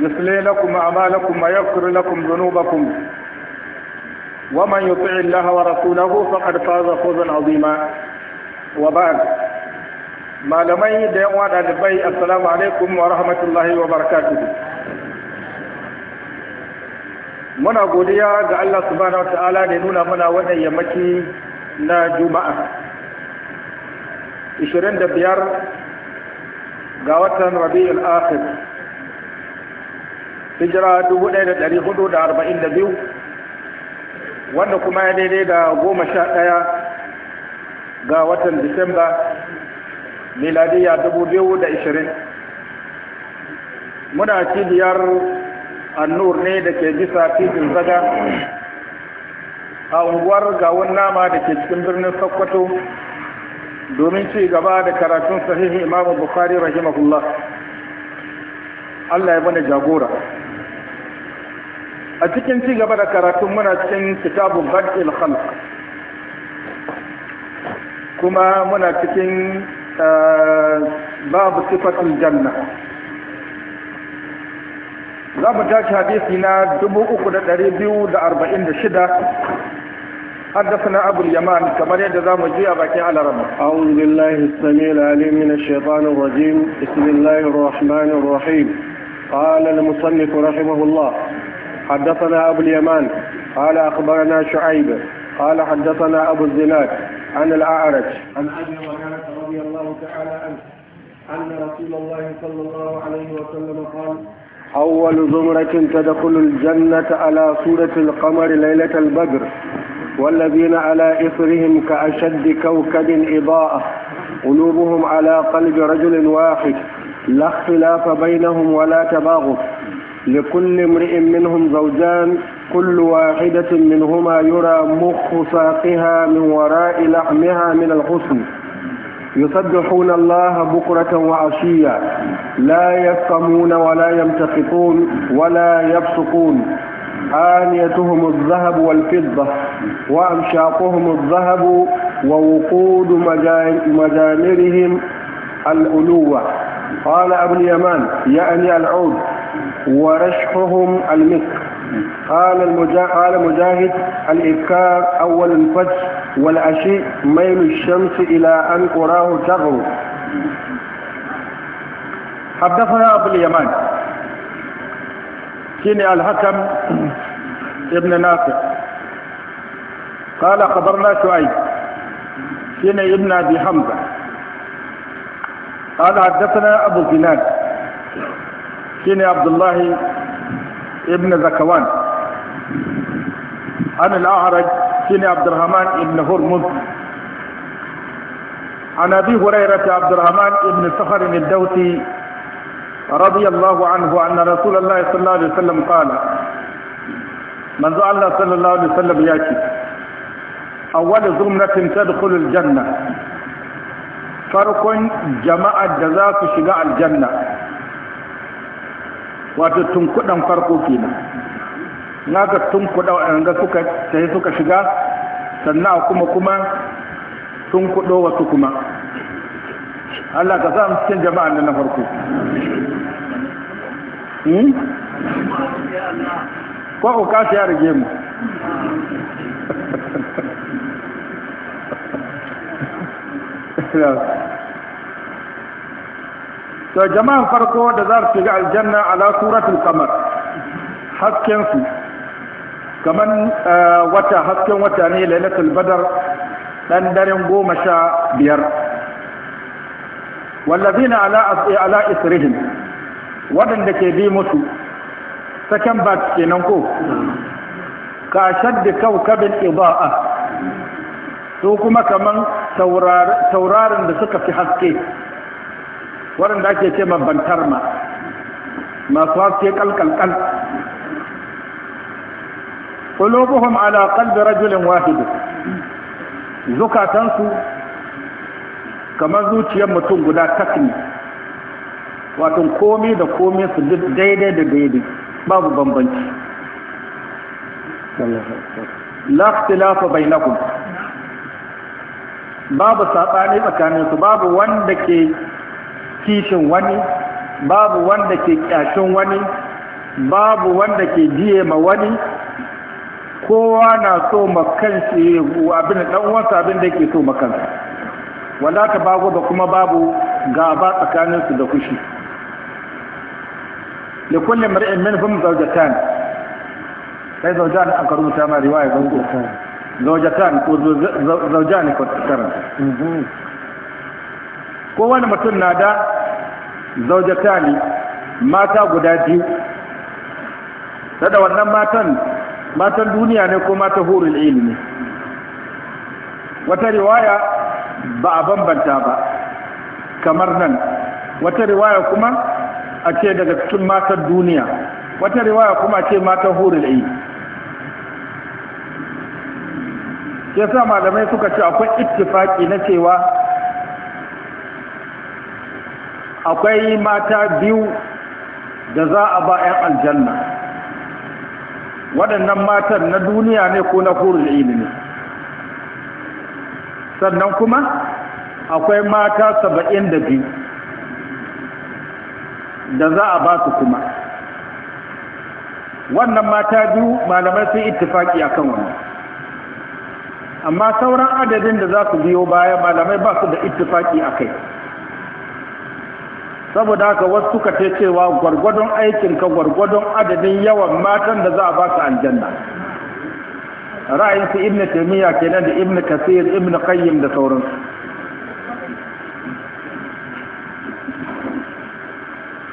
يصلي لكم أعمالكم ويغفر لكم ذنوبكم ومن يطع الله ورسوله فقد فاز فوزا عظيما وبعد ما لمي دعوة دبي السلام عليكم ورحمة الله وبركاته muna godiya ga Allah subhanahu wataala da nuna mana wannan yammaci na juma'a 25 ga watan rabi'ul akhir hijira biyu, wanda kuma ya daidai da goma sha ɗaya ga watan disamba dubu biyu da ishirin, muna cibiyar annur ne da ke bisa titin zaga a unguwar gawun nama da ke cikin birnin sokoto domin ci gaba da karatun sahihi imamu bukari rahimahullah allah ya bane jagora a cikin ci gaba da karatun muna cikin kitabun gadil khalq kuma muna cikin eh, babu sifatul janna za mu tashi hadisi na 3246 حدثنا أبو اليمان كما يدى مجيء بكي على ربه أعوذ بالله السميع العليم من الشيطان الرجيم بسم الله الرحمن الرحيم قال المصنف رحمه الله حدثنا أبو اليمان قال أخبرنا شعيب قال حدثنا أبو الزناد عن الأعرج عن أبي هريرة رضي الله تعالى عنه أن رسول الله صلى الله عليه وسلم قال أول زمرة تدخل الجنة على سورة القمر ليلة البدر والذين على إثرهم كأشد كوكب إضاءة قلوبهم على قلب رجل واحد لا اختلاف بينهم ولا تباغض لكل امرئ منهم زوجان كل واحدة منهما يرى مخ ساقها من وراء لحمها من الحسن يسبحون الله بكرة وعشية لا يفقمون ولا يمتقطون ولا يبصقون آنيتهم الذهب والفضة وأمشاقهم الذهب ووقود مجامرهم الألوة قال أبو اليمان يعني العود ورشحهم المكر قال قال مجاهد الإبكار أول الفجر والعشي ميل الشمس إلى أن قراه تغرب حدثنا أبو اليمان كيني الحكم ابن ناصر قال خبرنا شعيب كيني ابن أبي حمزة قال حدثنا أبو جنان shine abdullahi ibn zakawan an al-a'raj shine abdurrahman ibn hurmuz عن ابي هريره عبد الرحمن بن صخر الدوسي رضي الله عنه ان رسول الله صلى الله عليه وسلم قال من زعل صلى الله عليه وسلم ياتي اول زمره تدخل الجنه farkon jama'ar da za su shiga aljanna wato tun kudan farko kenan na ga tun kuda waɗanda suka sai suka shiga sannan kuma kuma tun kudo wasu kuma Allah ka zama cikin jama'a nan na farko hmm? ko ku ka ya rage mu Yeah. to jama'an farko da za su shiga aljanna ala suratul qamar hasken su kaman eh, wata hasken wata ne lailatul badar dan daren goma sha biyar wallazina ala eh, ala isrihim waɗanda ke bi musu saken ba kenan ko ka shaddi kaukabin iba'a su kuma kaman taurarin da suka fi haske waɗanda ake ce mabantar ma masu haske kalkalkal ƙulubuhun ala da rajulin wahidu zukatansu kamar zuciyar mutum guda takni wato komai da komai su daidai da daidai babu bambanci la bai na babu saɓani tsakaninsu babu wanda ke kishin wani babu wanda ke kyashin wani babu wanda ke biye ma wani kowa na so makansu abin da uwansa abin da ke so makansa wala ta bago da kuma babu gaba tsakaninsu da kushi da kullum ra'in min hum zaujatan sai zawjan karu rubuta ma riwaya zaujatan. zawjatan ko zawjani ko tsakarar mhm. ko wani mutum na da zaujatani mata guda biyu tada wannan matan matan duniya ne ko mata hurul ilmi wata riwaya ba a bambanta ba kamar nan wata riwaya kuma a ce daga cikin matan duniya wata riwaya kuma a ce matan hurul ilmi sa malamai suka ce akwai ittifaki na cewa akwai mata biyu da za a ba 'yan aljanna waɗannan matan na duniya ne ko na da ilimi sannan kuma akwai mata saba'in da biyu da za a ba su kuma wannan mata biyu malamai sun ittifaki kan wani amma sauran adadin da za su biyo baya malamai ba su da ittifaki a kai saboda haka wasu suka ce cewa gwargwadon aikinka gwargwadon adadin yawan matan da za a baka aljanna ra'ayinsu su ibn taymiya kenan da ibn kasir ibn qayyim da sauransu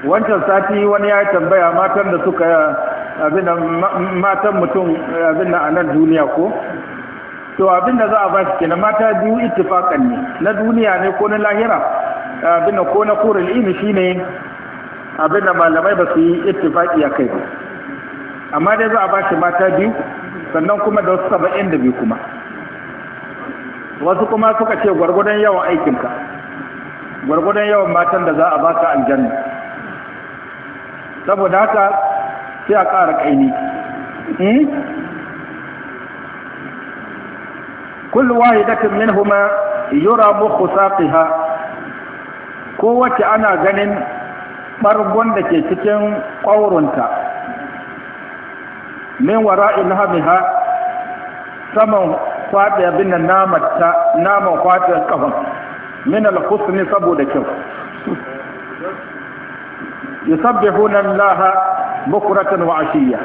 wancan sati wani ya tambaya matan da suka abin matan mutum abin nan a nan duniya ko to abin da za a ba shi kenan mata biyu ittifaqan ne na duniya ne ko na lahira abin ko na kurul ilmi shine abin da malamai ba su yi ittifaki a kai ba amma dai za a ba shi mata biyu sannan kuma da wasu saba'in da biyu kuma wasu kuma suka ce gwargwadon yawan aikinka gwargwadon yawan matan da za a ba baka aljanna saboda haka sai a ƙara ƙaini hmm? kullu wahidatin minhuma yura mukhu saqiha kowace ana ganin ɓargon da ke cikin ƙwaurinta min wara'in hamiha saman kwaɗe abin da naman kwaɗe ƙafan min ne saboda kyau hunan laha bukratan wa ashiya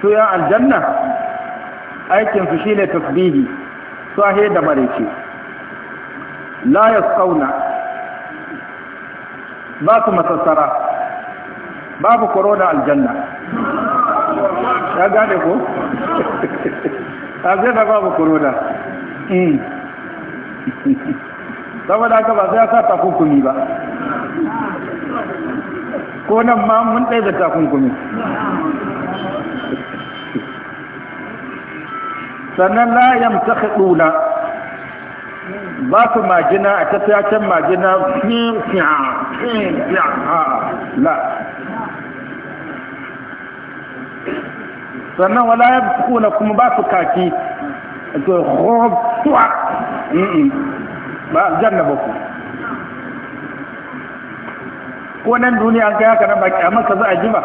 su ya aljanna Aikinsu shi ne tasbihi Su ahe da marece la ya tsauna ba su masassara babu korona aljanna ya gane ko? aljanna babu korona hmm. saboda haka ba sai ya sa takunkumi ba ko nan ma mun ɗaya da takunkumi sannan la yamta haɗuna. ba su majina a tafiya majina fiye fiye fiye la sannan wala ya kuna kuma ba su kaki to rotuwa ba janna ba ku ko nan duniya an kai haka nan ba kyamar ka za a ji ba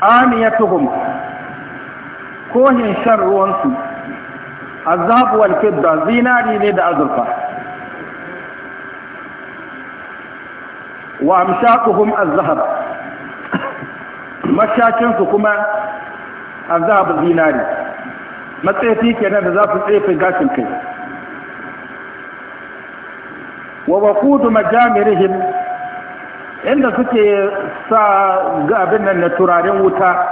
aniyatuhum ko hin shan ruwansu azhab wal fidda zinari ne da azurfa wa amshaquhum az mashakin su kuma azhab zinari matsayi kenan da za su tsefe gashin kai wa waqudu majamirihim inda suke sa ga abin nan na turaren wuta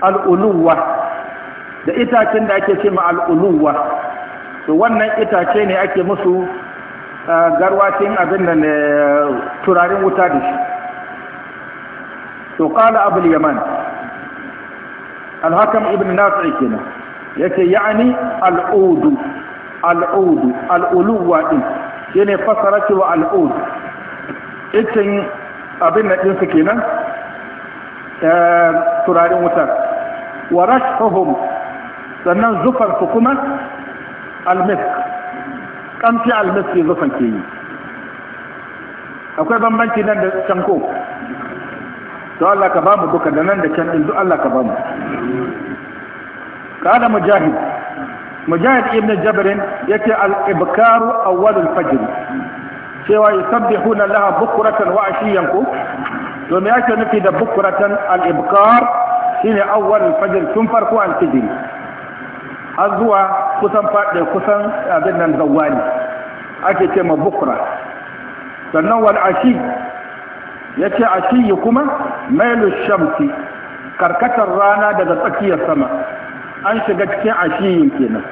al'uluwa da itacen da ake ce ma al'uluwa to wannan itace ne ake musu garwacin abin da eh, turaren wuta da shi Su qala abul yaman al ibn nafi kenan yake ya'ani al-udu al-udu al-uluwa din fasara cewa al itin abin da din kenan eh, turaren wutar wa rashfuhum sannan zufansu kuma almisk kamfi almiski zufan ke yi akwai bambanci nan da can ko to Allah ka bamu duka da nan da can in duk Allah ka bamu kada mujahid mujahid ibn jabr yace al ibkaru awwal al fajr cewa yusabbihuna laha bukratan wa ashiyan ko to me yake nufi da bukratan al ibkar shine awwal al fajr tun farko al fajr har zuwa kusan faɗe kusan abin nan zawani ake ce ma bukra sannan wal ashi ya ce ashi kuma mailu shamsi karkatar rana daga tsakiyar sama an shiga cikin yin kenan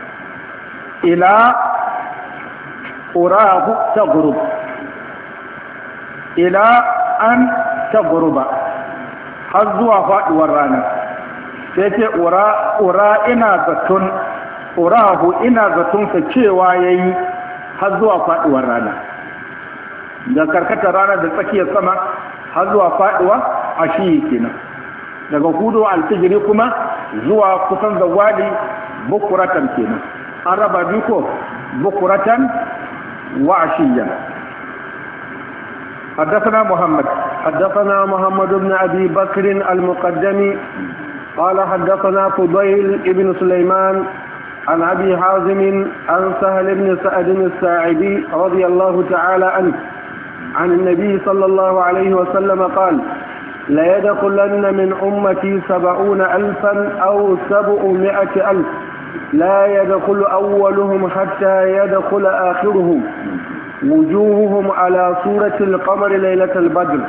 ila urahu ta ila an ta har zuwa faɗuwar rana sai ce ura ina zaton urahu ina zatonsa cewa ya yi har zuwa faɗuwar rana da karkatar rana da tsakiyar sama har zuwa faɗuwa a shi kenan daga hudu alfijiri kuma zuwa kusan zawali bukuratan kenan an raba biyu ko bukuratan wa ashiyan حدثنا محمد حدثنا محمد بن أبي بكر المقدمي قال حدثنا فضيل ابن سليمان عن أبي حازم عن سهل بن سعد الساعدي رضي الله تعالى عنه عن النبي صلى الله عليه وسلم قال لا يدخلن من أمتي سبعون ألفا أو سبعمائة ألف لا يدخل أولهم حتى يدخل آخرهم وجوههم على صورة القمر ليلة البدر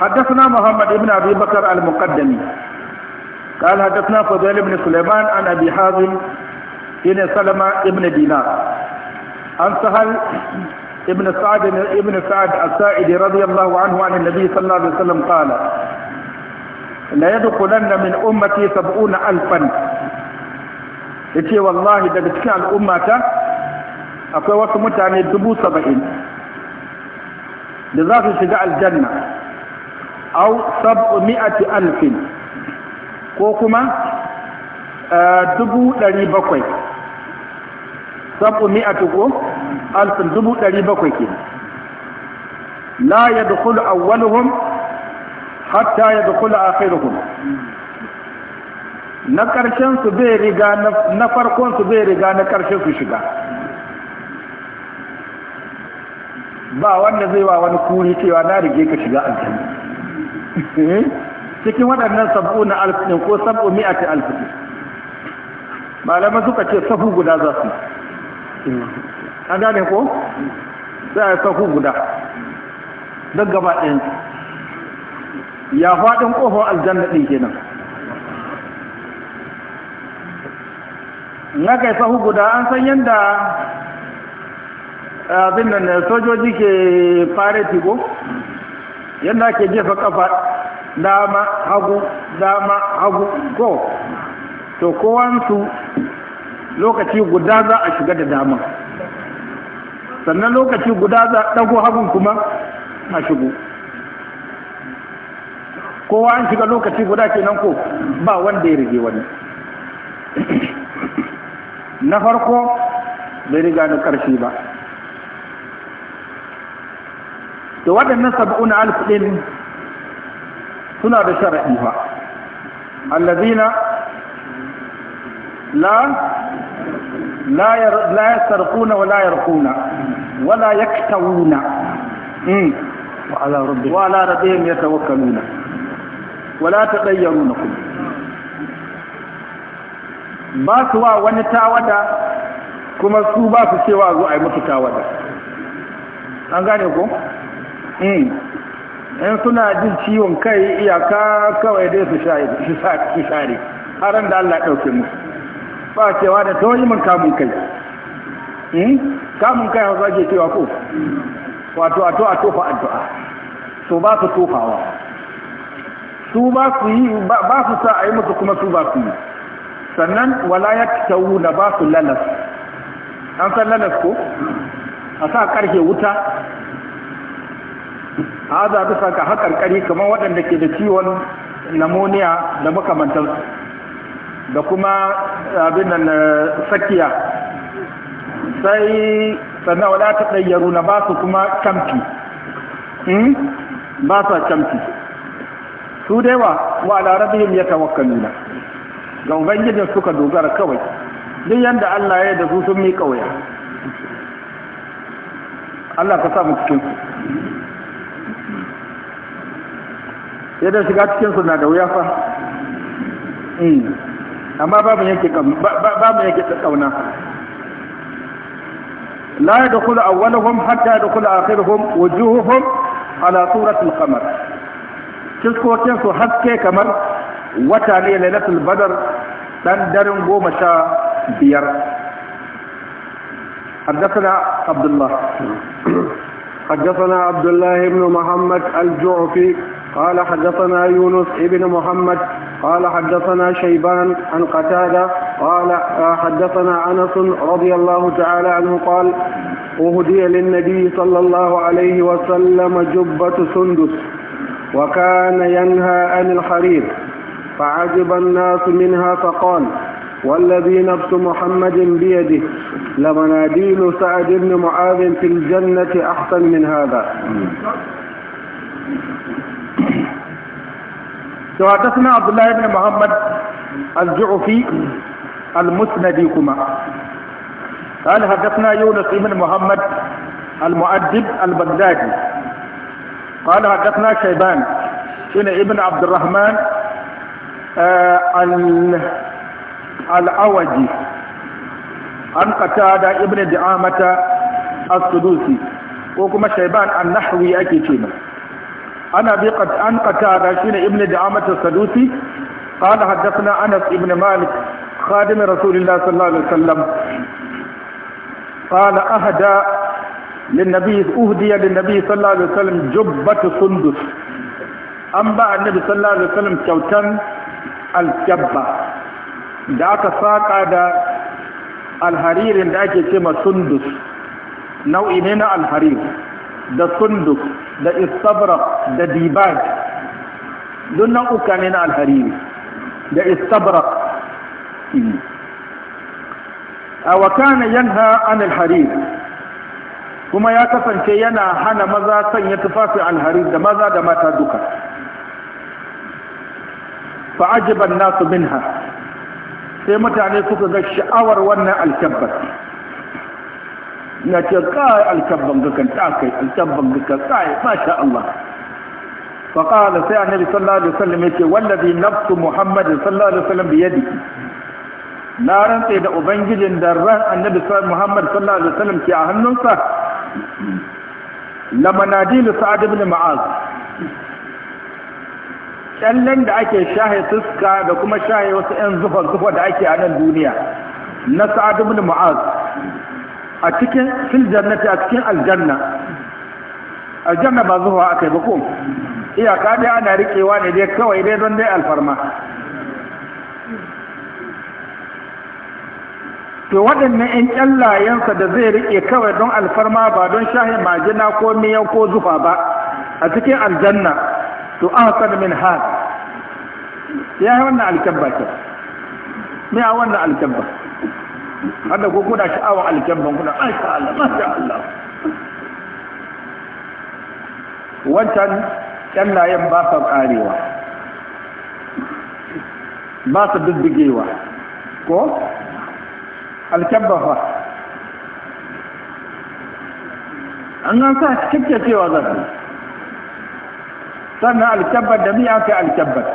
حدثنا محمد بن أبي بكر المقدمي قال حدثنا فضيل بن سليمان عن أبي حازم بن سلمة بن دينار عن سهل ابن سعد ابن سعد السائدي رضي الله عنه عن النبي صلى الله عليه وسلم قال لا يدخلن من أمتي سبعون ألفا يتي والله إذا بتكع الأمة akwai wasu mutane dubu saba'in da za su au mi'ati alfin ko kuma eh, dubu ɗari bakwai sab'mi'ati ko alfin dubu ɗari bakwai ke la ya dukulu awwaluhum hatta ya dukulu akhiruhum na ƙarshen su bai riga na farkon su bai riga na ƙarshen su shiga ba wanda zai wa wani kuri cewa na rige ka shiga aljanna Eh? cikin waɗannan sabu na alfin ko sabu mi'ati alfin malaman suka ce sahu guda za su an gane ko sai a yi sahu guda don gaba ɗin ya faɗin ƙofar aljanna ɗin kenan na kai sahu guda an san yadda eh, abin nan sojoji ke fara tigo yadda ake jefa kafa dama hagu dama hagu ko to kowansu lokaci guda za a shiga da dama sannan lokaci guda za a ɗago hagun kuma a shigo kowa an shiga lokaci guda kenan ko ba wanda ya rige wani na farko bai riga na ƙarshe ba da waɗannan saba'una alif ɗin suna da sharaɗi ba allazina la la yasarquna wa la yarquna wa la yaktawuna hmm. wa ala rabbihim wa ala rabbihim yatawakkaluna wa la tadayyaruna kullu ba su wa wani tawada kuma su ba su cewa zo a yi mutu tawada an gane ko Yan mm. eh, suna jin ciwon kai iyaka kawai dai su share haran da Allah ɗauke musu ba cewa da ta wajen kamun kai mm. kamun kai hausa ke cewa ko wato a tofa tofa addu'a su ba su tofawa su ba su yi ba su sa a yi musu kuma su ba su yi sannan wala ya tawu na ba su lalas an san lalas ko a sa karfe wuta haza bisa ga haƙarƙari kamar waɗanda ke da ciwon namoniya da makamantansu da kuma abin nan eh, sakiya sai sannan wala ta ɗayyaru na ba su kuma camfi hmm? ba sa kamfi su dai wa wa larabihim ya tawakkaluna ga ubangijin suka dogara kawai duk yanda Allah ya da su sun miƙa kawai Allah ka sa mu cikin yadda shiga cikinsu na da wuya fa eh, amma babu yake kauna la ya da kula awwalahum hatta ya da kula akhiruhum wujuhuhum ala suratul kamar kiskokin su haske kamar wata ne lailatul badar dan daren goma sha biyar حدثنا عبد الله حدثنا عبد الله بن محمد الجعفي قال حدثنا يونس ابن محمد قال حدثنا شيبان عن قتادة قال آه، حدثنا أنس رضي الله تعالى عنه قال أهدي للنبي صلى الله عليه وسلم جبة سندس وكان ينهى عن الحرير فعجب الناس منها فقال والذي نفس محمد بيده لمناديل سعد بن معاذ في الجنة أحسن من هذا وحدثنا عبد الله بن محمد الجعفي المسندي كما قال حدثنا يونس بن محمد المؤدب البغدادي قال حدثنا شيبان بن ابن عبد الرحمن آه، الأوجي عن قتادة ابن دعامة السدوسي وكما شيبان النحوي أكي كيما أنا بقد أن قتادة ابن دعامة السدوسي قال حدثنا أنس ابن مالك خادم رسول الله صلى الله عليه وسلم قال أهدى للنبي أهدي للنبي صلى الله عليه وسلم جبة سندس أنبأ النبي صلى الله عليه وسلم كوتن الجبة da aka saƙa الحرير alharirin يسمى سندس ce ma الحرير nau'i سندس da istabrak da dibaj don nan uka ne na alhariri da istabrak a wakana yanha an alharir kuma ya kasance yana hana maza sanya tufafi alharir da maza da mata duka fa'ajiban nasu minha sai mutane suka ga sha'awar wannan alkyabbar na ce kai alkabban ga kan takai alkabban ga kan kai masha Allah fa qala sai annabi sallallahu alaihi wasallam yace wallazi nafsu muhammad sallallahu alaihi wasallam bi yadihi na rantsa da ubangijin da ran annabi muhammad sallallahu alaihi wasallam ke a hannunsa La lamanadil sa'ad ibn mu'az kyallen da ake shahe fuska da kuma shahe wasu 'yan zufa-zufa da ake a nan duniya na sa'ad ibn ma'az. a cikin fil jannati a cikin aljanna aljanna ba zuwa akai ba ko iyaka dai ana rikewa ne dai kawai dai don dai alfarma to waɗannan 'yan ƙyallayensa da zai riƙe kawai don alfarma ba don shahin majina ko miyau ko zufa ba a cikin aljanna to an san min har ya yi wannan alkyabba ke ya wannan alkyabba hada ko kuna sha'awar alkyamban kuna masha Allah masha Allah wancan kyallayen ba sa karewa ba sa diddigewa ko alkyamban fa an gan sa cewa za su sannan alkyabbar da miya ka alkyabbar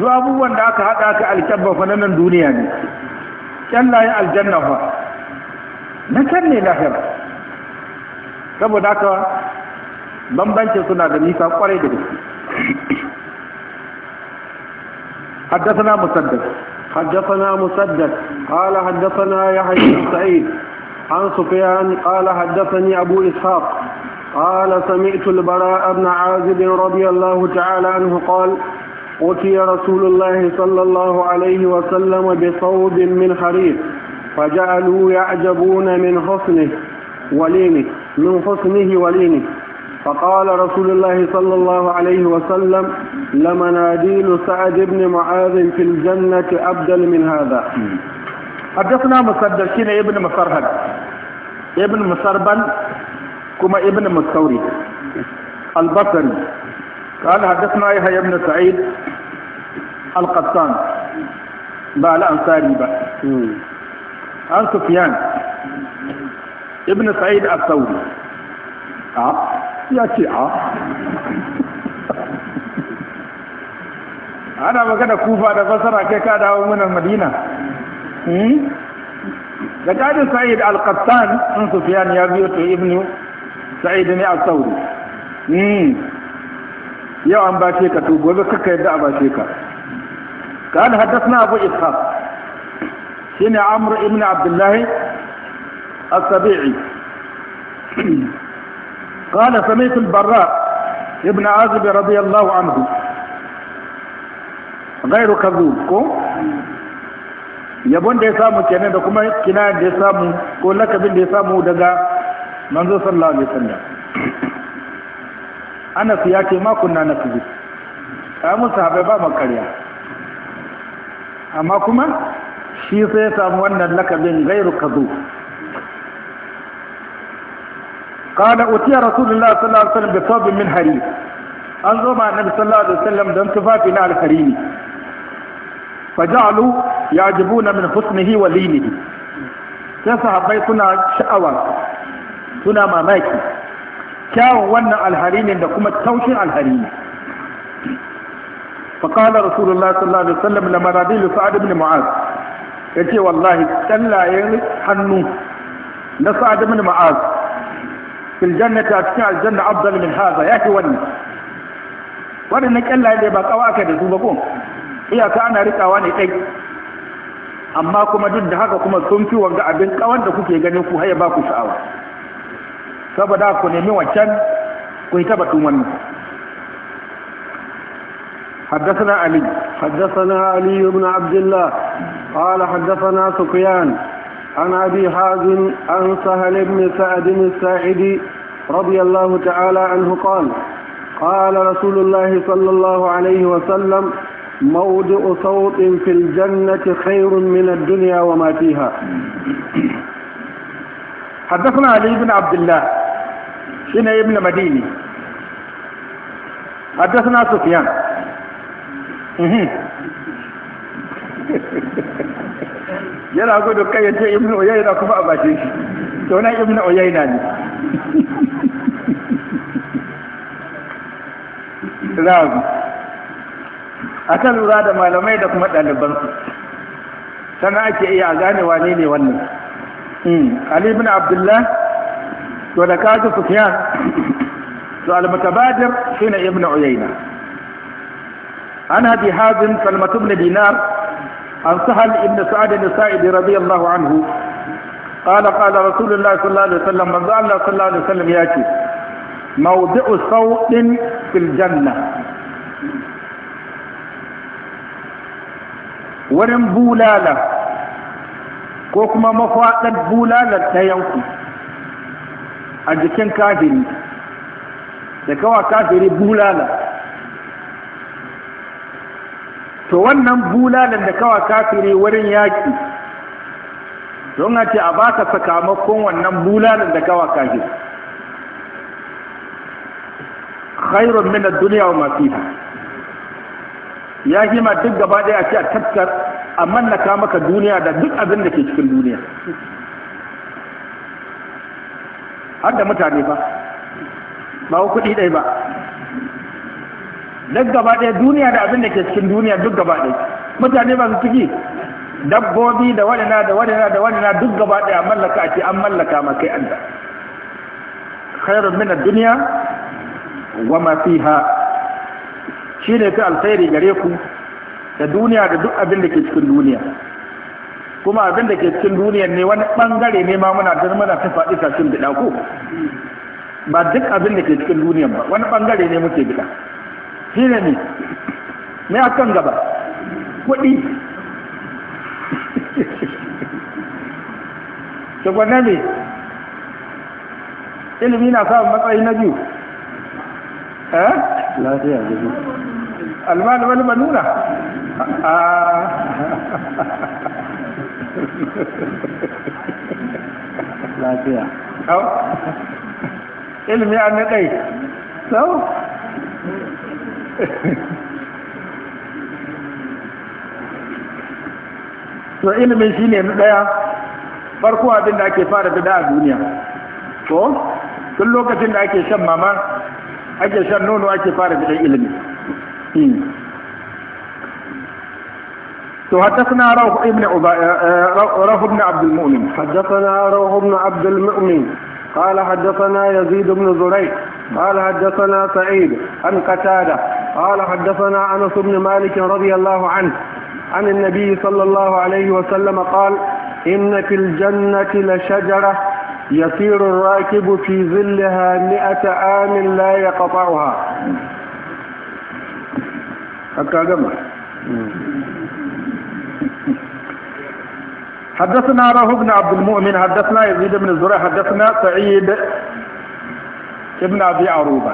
zuwa abubuwan da aka haɗa ka alkyabbar fa na nan duniya ne kyallaye aljanna ba na can ne lahira saboda haka bambancin suna da nisa kwarai da gaske حدثنا مسدد حدثنا مسدد قال حدثنا يحيى بن سعيد عن سفيان قال حدثني أبو إسحاق قال سمعت البراء بن عازب رضي الله تعالى عنه قال أتي رسول الله صلى الله عليه وسلم بصوب من حرير فجعلوا يعجبون من حسنه ولينه من حسنه ولينه فقال رسول الله صلى الله عليه وسلم لمناديل سعد بن معاذ في الجنة أبدل من هذا حدثنا مصدر شين ابن مسرهد ابن مسربن كما ابن مستوري البصري قال حدثنا يحيى بن سعيد القطان با الأنصاري با عن سفيان ابن سعيد الثوري أه يا شيعة ana magana kufa da fasara kai ka dawo mana madina da kadin sa'id al-qattan sun sufiyan ya biyo to ibnu sa'id ne al-sauri yau an bashe ka to gobe kaka yadda a bashe ka قال حدثنا أبو إسحاق شين عمرو بن عبد الله السبيعي قال سمعت البراء ابن عازب رضي الله عنه غير كذوب كو yabon da ya samu kenan da kuma kina da ya samu ko lakabin da ya samu daga manzo sallallahu alaihi anas ya ce makon na na su Samun musu haɓe ba makarya amma kuma shi sai samu wannan lakabin gairu zo. kada utiya rasulullah sallallahu alaihi wasallam da thawbin min hari an zo ma annabi sallallahu alaihi wasallam don tufafi na alharimi faja'alu yajibuna min husnihi wa linihi sai sahabbai suna sha'awa suna mamaki kyawun wannan alhari ne da kuma taushin alhari ne. faƙala rasulullah sallallahu alaihi wasallam da maradilu sa'ad ibn mu'az ya ce wallahi tsallayen hannu na sa'ad ibn mu'az fil jannati a cikin aljanna afdal min hadha yake wannan waɗannan kyallaye da ba kawa aka da su ba ko iyaka ana rikawa ne kai amma kuma duk da haka kuma sun fi wanga abin kawan da kuke ganin ku haya ba ku sha'awa saboda ku nemi wancan ku yi taba tuman حدثنا علي حدثنا علي بن عبد الله قال حدثنا سفيان عن أبي حازم عن سهل بن سعد الساعدي رضي الله تعالى عنه قال قال رسول الله صلى الله عليه وسلم موضع صوت في الجنة خير من الدنيا وما فيها حدثنا علي بن عبد الله شين ابن مديني حدثنا سفيان yana gudu kai ya ce ibn uyayna kuma a bace shi to nan ibn uyayna ne zabi akan lura da malamai da kuma ɗalibansu sana ake iya gane wane ne wannan علي بن عبد الله وذكاته سفيان سؤال متبادر حين ابن عيينة عن أبي حازم سلمة بن دينار عن سهل ابن سعد السائد رضي الله عنه قال قال رسول الله صلى الله عليه وسلم من قال الله صلى الله عليه وسلم ياتي موضع صوت في الجنة ورم بولاله ko kuma mafaɗar bulalar ta yanku a jikin kafiri da kawa kafiri bulala to wannan bulalan da kawa kafiri wurin yaƙi don a ce a baka sakamakon wannan bulalan da kawa kafiri khairun min ad-dunya wa ma fiha ya hima duk gaba daya a ce a tattar a mallaka maka duniya da duk abin da ke cikin duniya har da mutane ba ba wa kuɗi ɗai ba duk gaba ɗaya duniya da abin da ke cikin duniya duk gaba ɗaya mutane ba su ciki dabbobi da wadana da wadana da wadana duk gaba ɗaya mallaka a an mallaka maka an da khairun min ad-dunya wa ma fiha shine fi alkhairi gare ku da duniya da duk abin da ke cikin duniya kuma abin da ke cikin duniya ne wani bangare ne ma muna ta muna ta faɗi tashin bida ko ba duk abin da ke cikin duniya ba wani bangare ne muke bida shi ne ne me a kan gaba kuɗi shagwanne ne ilimi na samun matsayi na biyu eh? lafiya da biyu almanin wani manuna lafiya ilmi a naɗai sau to ilimin shi ne na ɗaya farko abin da ake fara bida a duniya ko tun lokacin da ake shan mama ake shan nono ake fara da ilimin. Hmm. حدثنا روح ابن آه، آه، روح بن عبد المؤمن حدثنا روح بن عبد المؤمن قال حدثنا يزيد بن زريع قال حدثنا سعيد عن قتادة قال حدثنا أنس بن مالك رضي الله عنه عن النبي صلى الله عليه وسلم قال إن في الجنة لشجرة يسير الراكب في ظلها مئة عام لا يقطعها حتى حدثنا راه بن عبد المؤمن حدثنا يزيد بن الزرع حدثنا سعيد ابن أبي عروبة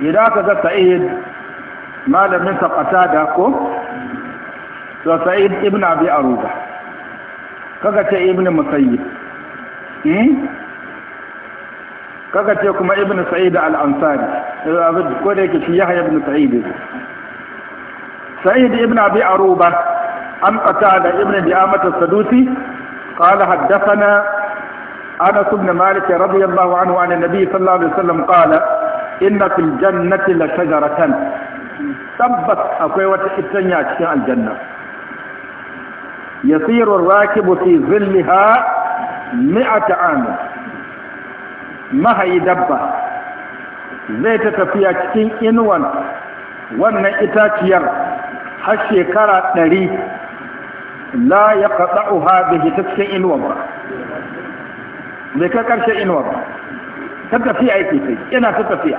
إذا كذا سعيد ما لم ينسى قتادكم سعيد ابن أبي عروبة kaga ce ibn musayyib hmm kaga ce kuma ibn sa'id al-ansari ko da yake shi yahya ibn sa'id sa'id ibn abi aruba عن قتادة ابن دعامة السدوسي قال حدثنا أنس بن مالك رضي الله عنه عن النبي صلى الله عليه وسلم قال إن في الجنة لشجرة تبت أكوي وتحتنيا في الجنة يصير الراكب في ظلها مئة عام ما هي دبة زيت تفيا كتين إنوان وانا itaciyar har shekara la ya kaɗa'uha da hitaccen inuwa ba bai kai ƙarshen inuwa ba ta tafiya yake kai yana ta tafiya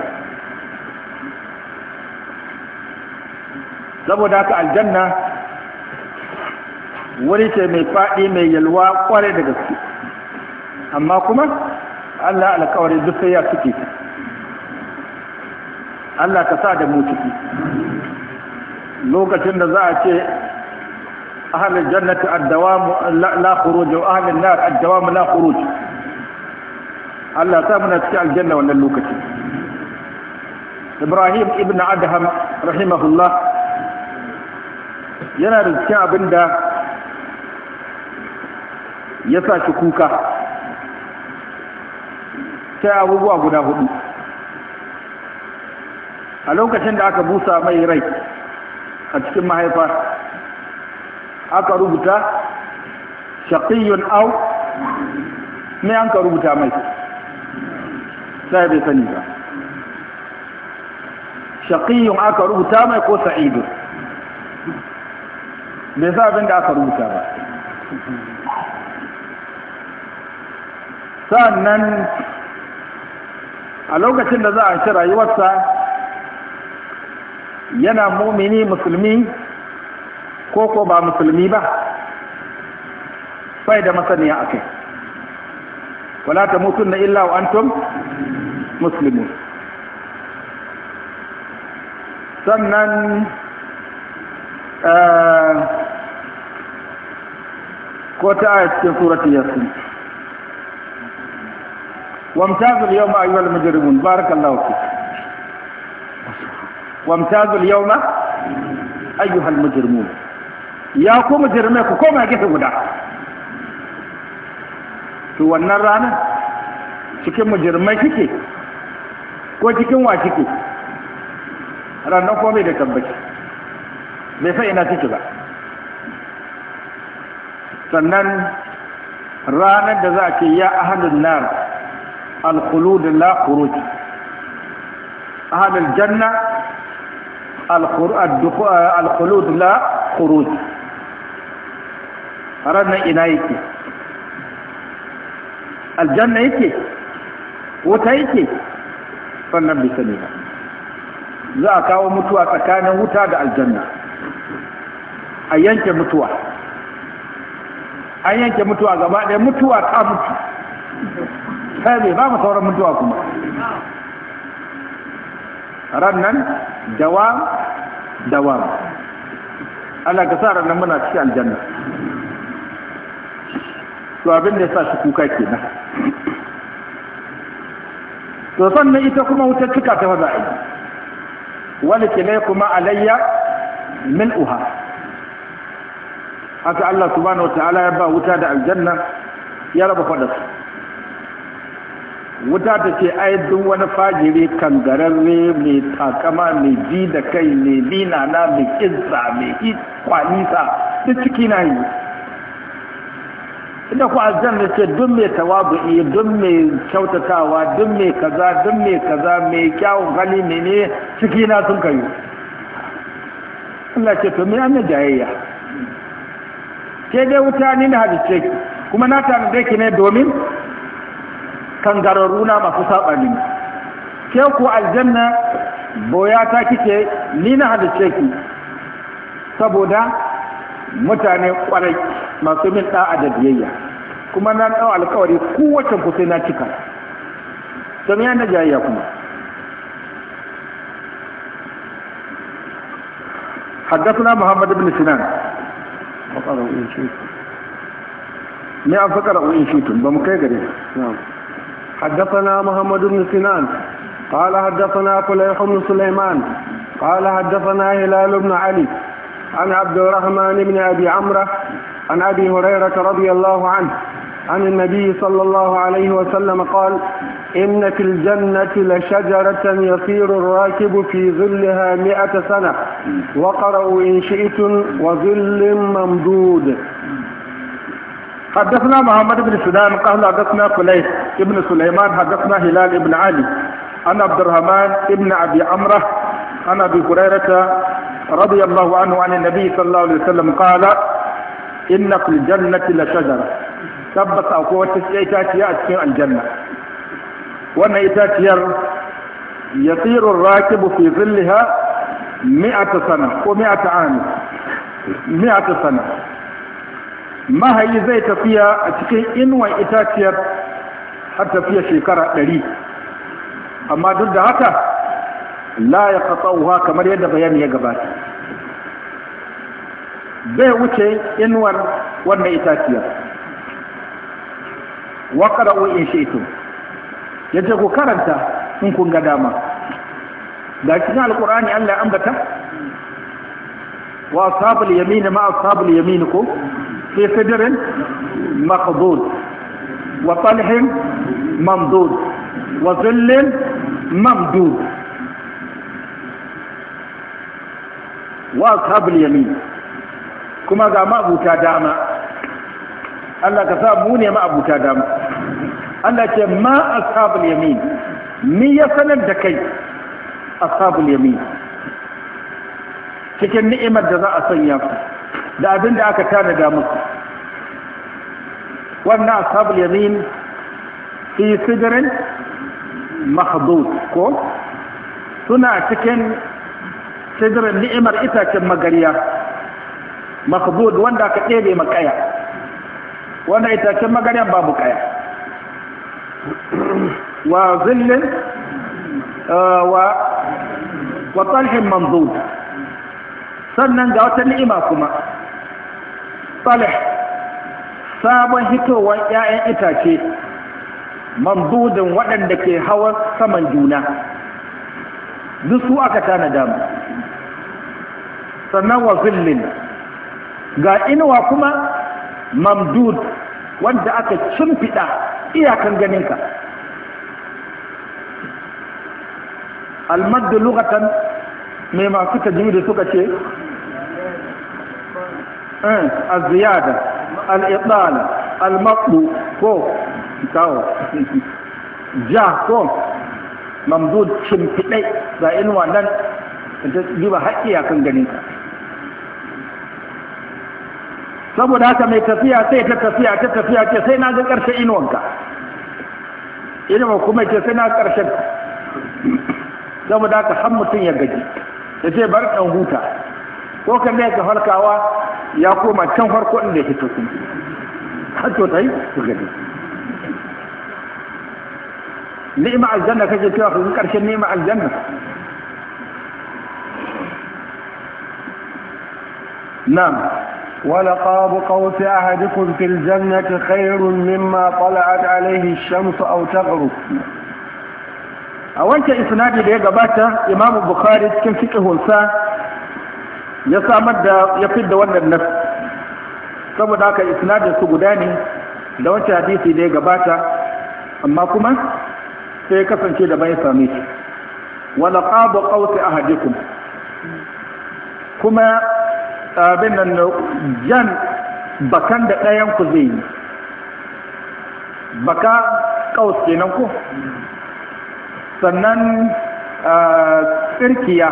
saboda haka aljanna wuri ce mai faɗi mai yalwa ƙwarai da gaske amma kuma allah alkawari duk sai ya suke ta allah ka sa da mu lokacin da za a ce أهل الجنة الدوام لا خروج وأهل النار الدوام لا خروج الله تامنا تكي الجنة ولا اللوكة إبراهيم ابن أدهم رحمه الله yana da cikin abin da ya sa shi kuka sai abubuwa guda hudu a lokacin da aka busa mai rai a cikin mahaifa aka rubuta shaqiyun au me an ka rubuta mai sai bai sani ba shaqiyun aka rubuta mai ko Sa'idu? Me sa abin da aka rubuta ba sannan a lokacin da za a ci rayuwarsa yana mumini musulmi koko ba musulmi ba bai da masaniya a kai wala ta mutun na illa wa antum muslimun sannan ko ta a cikin suratun yasin وامتاز اليوم أيها المجرمون بارك الله فيك وامتاز اليوم أيها المجرمون ya ku mujirmai ku koma gefe guda to wannan ranar cikin mujirmai kike ko cikin wa kike ranar komai da tabbaci bai san ina kike ba sannan ranar da za a ce ya ahadun nar al-khulud la khuruj ahadul janna al la khuruj harar nan ina yake aljanna yake wuta yake sannan bai sani ba za a kawo mutuwa tsakanin wuta da aljanna a yanke mutuwa an yanke mutuwa gaba ɗaya mutuwa ta mutu sai bai ba mu sauran mutuwa kuma rannan dawa dawa Allah ka sa rannan muna cikin aljanna to abin da ya sa su kuka kenan to sannan ita kuma wuta cika ta faɗa aiki wani kine kuma alayya min uha haka Allah subhanahu wa ta'ala ya ba wuta da aljanna ya raba fadarsu wuta ta ce ai duk wani fajiri kan kangararre mai takama mai ji da kai mai binana mai kinsa mai kwanisa duk ciki na yi inda ku ne ce duk mai tawabu'i duk mai kyautatawa duk mai kaza duk mai kaza mai kyawun ne ne ciki na sun kayu Allah ce to me an jayayya ke dai wuta ni na hadice ki kuma na da ki ne domin kangararru na masu saba ni ke ku aljanna boya ta kike ni na hadice ki saboda mutane kwarai masu min da'a da biyayya kuma na dawo alkawari kowace ku sai na cika to me yana jayya kuma حدثنا محمد بن سنان فقرأوا إن شئتم ما فقرأوا إن شئتم بمكيغر حدثنا محمد بن سنان قال حدثنا فليح بن سليمان قال حدثنا هلال بن علي عن عبد الرحمن بن أبي عمرة عن أبي هريرة رضي الله عنه عن النبي صلى الله عليه وسلم قال إن في الجنة لشجرة يصير الراكب في ظلها مئة سنة وقرأوا إن شئتم وظل ممدود حدثنا محمد بن سلام قال حدثنا قليل ابن سليمان حدثنا هلال ابن علي عن عبد الرحمن ابن أبي عمرة عن أبي هريرة رضي الله عنه عن النبي صلى الله عليه وسلم قال inna fil jannati la shajara tabbata akwai wata itaciya a cikin aljanna wannan itaciyar yasirur rakibu fi zillaha mi'ata sana ko mi'ata ani mi'ata sana mahayi zai tafiya a cikin inuwan itaciyar har tafiya shekara ɗari amma duk da haka la ya kamar yadda bayani ya gabata bai wuce inuwar wannan itaciyar wa qara'u in Ya yace ku karanta in kun ga dama da cikin alqur'ani Allah ya ambata wa sabul yamin ma sabul yamin ko fi sidrin maqdud wa talhin mamdud wa zillin mamdud wa sabul yamin kuma ga ma'abuta dama Allah ka sa mu ne ma'abuta dama Allah ce ma ashabul yamin ni ya sanar da kai ashabul yamin cikin ni'imar da za a sanya su da abin da aka tanada musu wannan ashabul yamin fi sidrin mahdud ko suna cikin sidrin ni'imar itacen magariya makhdud wanda aka ɗebe makaya wanda itacen magaryan babu kaya wa zillin wa wa talhin mamdud sannan ga wata ni'ima kuma talih sabon hitowar 'ya'yan itace mambudin waɗanda ke hawan saman juna duk su aka tana damu sannan wa zillin ga inuwa kuma mamdud wanda aka cimfiɗa iyakan ganinka almaddu lugatan mai masu da suka ce eh, aziyada al almaɓu ko kawo ja ko mamdud cimfiɗai ga inuwa nan ta jiba haƙƙi kan ganinka saboda haka mai tafiya sai ta tafiya ta tafiya ce sai na ga ƙarshen inuwanka inuwa kuma ce sai na ƙarshen saboda haka har mutum ya gaji ya ce bar ɗan huta ko kan da ya farkawa ya koma can farko inda ya fito kun har to yi su gaji ni'ima aljanna kake cewa ku ƙarshen ni'ima aljanna na'am ولقاب قوس أحدكم في الجنة خير مما طلعت عليه الشمس أو تغرب a wancan isnadi da ya gabata imam bukhari cikin fiqhunsa ya samar da ya fidda wannan nas saboda haka isnadin su guda ne da wancan hadisi da ya gabata amma kuma sai ya kasance da bai same shi wala qabu qawsi ahadikum kuma abin nan jan bakan da ɗayan ku zai yi baka kaus kenan ku sannan tsirkiya